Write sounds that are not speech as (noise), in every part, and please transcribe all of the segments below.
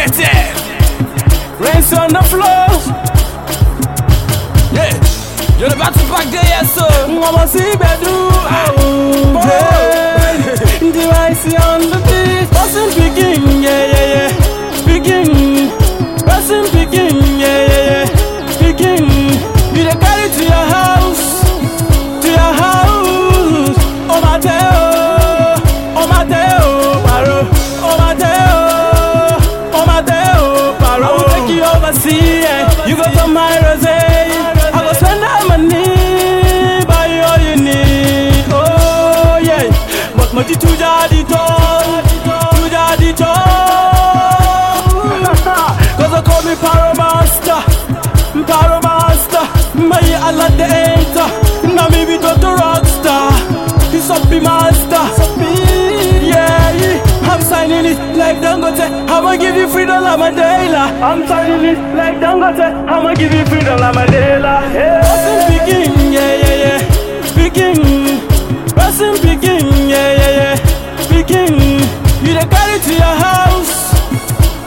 get it. Rains on the floor. Yeah. You're about to pack the yes, sir. I'm a see ah. oh, yeah, Device on the up on my rosé. I go spend that money, buy all you need. Oh yeah, but my tuja di to, tuja di to. (laughs) Cause I call me paro. I'ma give you freedom like Mandela. I'm turning it like Dangote. I'ma give you freedom like Mandela. Yeah. begin, yeah, yeah, yeah. Begin. Person begin, yeah, yeah, yeah. Begin. You dey carry to your house,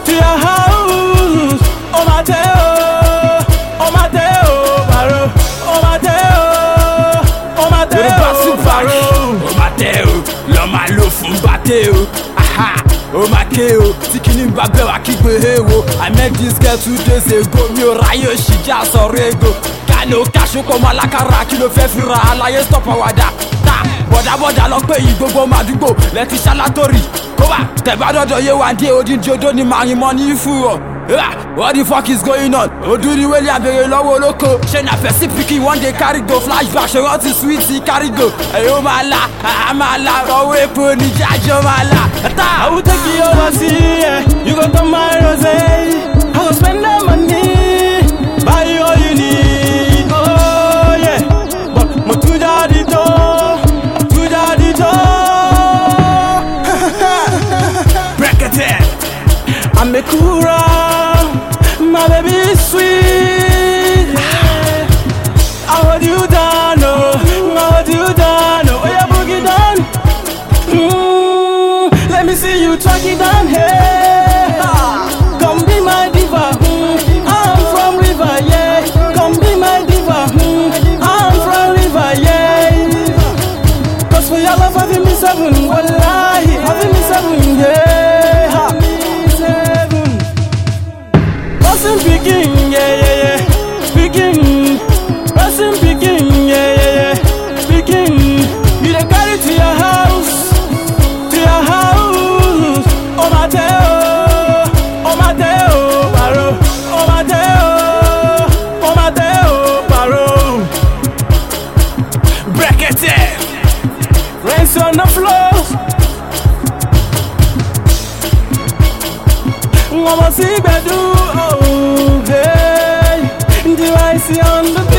to your house. Oh my dear, oh my dear, oh baro. Oh my dear, oh my dear, oh baro. Oh my dear, lo ma o. Oh my ké o tí kìíní bá bẹ̀ wá kígbe ewo i met this girl two days ago rayo she just òṣì já sọ̀rọ̀ ego kánò káṣù pọ̀ mọ́ alákàrà kí ló fẹ́ fi ra aláyé stop àwàdà ta bọ̀dàbọ̀dà go pé yìí gbogbo ọmọ àdúgbò a ṣálátórì kó wà the bad yé wa want odindi odó ni màá yín mọ́ ní fún fool. Ah, what the fuck is going on? Do Oduri wey ya bere lọ́wọ́ olóko. Ṣé na person pikin wan dey carry go flashback? She wọ́n ti sweet carry go? Ẹ̀yọ́ máa la, àá máa la, ọwọ́ epo níjà jọ máa la. Ẹ̀ta! I will take you overseas, yeah. you go to my rose. I go spend the money, buy you all you need. Oh yeah, but mo tún jáde tó, tún jáde tó. Brẹ́kẹ̀tẹ̀, àmì kúrò. do oh, I see on the